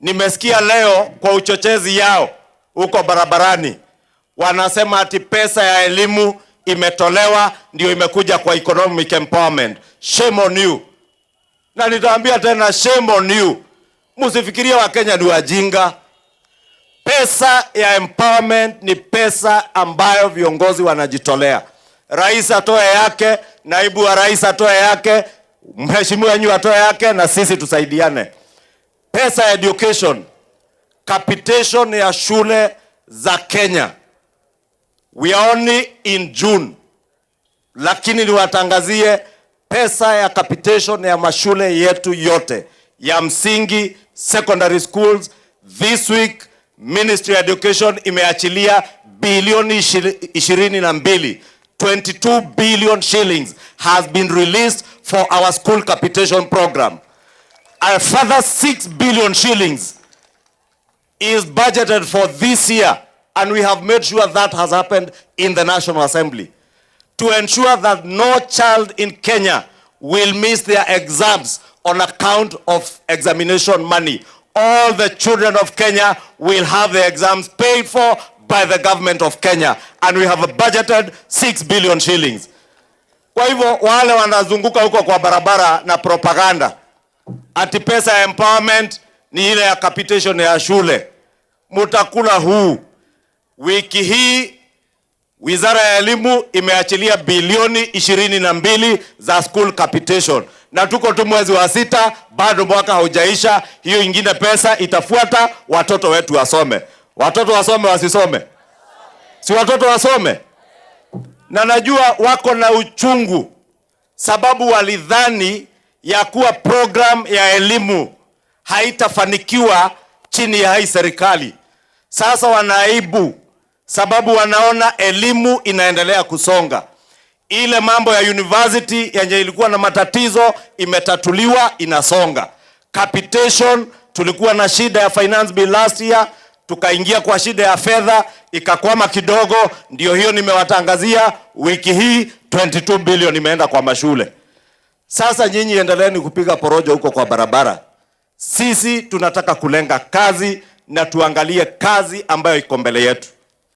Nimesikia leo kwa uchochezi yao huko barabarani, wanasema ati pesa ya elimu imetolewa ndio imekuja kwa economic empowerment. Shame on you. Na nitaambia tena shame on you. Msifikirie Wakenya ni wajinga. Pesa ya empowerment ni pesa ambayo viongozi wanajitolea. Rais atoe yake, naibu wa rais atoe yake, mheshimiwa nyu atoe yake, na sisi tusaidiane pesa ya education, capitation ya shule za Kenya. We are only in June, lakini niwatangazie pesa ya capitation ya mashule yetu yote ya msingi, secondary schools. This week Ministry of Education imeachilia bilioni ishirini na mbili 22 billion shillings has been released for our school capitation program a further 6 billion shillings is budgeted for this year and we have made sure that has happened in the National Assembly to ensure that no child in Kenya will miss their exams on account of examination money. All the children of Kenya will have their exams paid for by the government of Kenya and we have budgeted 6 billion shillings. Kwa hivyo wale wanazunguka huko kwa barabara na propaganda ati pesa ya empowerment ni ile ya capitation ya shule. Mutakula huu. Wiki hii Wizara ya Elimu imeachilia bilioni ishirini na mbili za school capitation, na tuko tu mwezi wa sita, bado mwaka haujaisha. Hiyo ingine pesa itafuata, watoto wetu wasome. Watoto wasome, wasisome? Si watoto wasome. Na najua wako na uchungu, sababu walidhani ya kuwa program ya elimu haitafanikiwa chini ya hii serikali. Sasa wanaibu sababu wanaona elimu inaendelea kusonga. Ile mambo ya university yenye ilikuwa na matatizo imetatuliwa, inasonga. Capitation tulikuwa na shida ya finance bill last year, tukaingia kwa shida ya fedha ikakwama kidogo. Ndio hiyo nimewatangazia wiki hii, 22 billion imeenda kwa mashule. Sasa nyinyi endeleeni kupiga porojo huko kwa barabara. Sisi tunataka kulenga kazi na tuangalie kazi ambayo iko mbele yetu.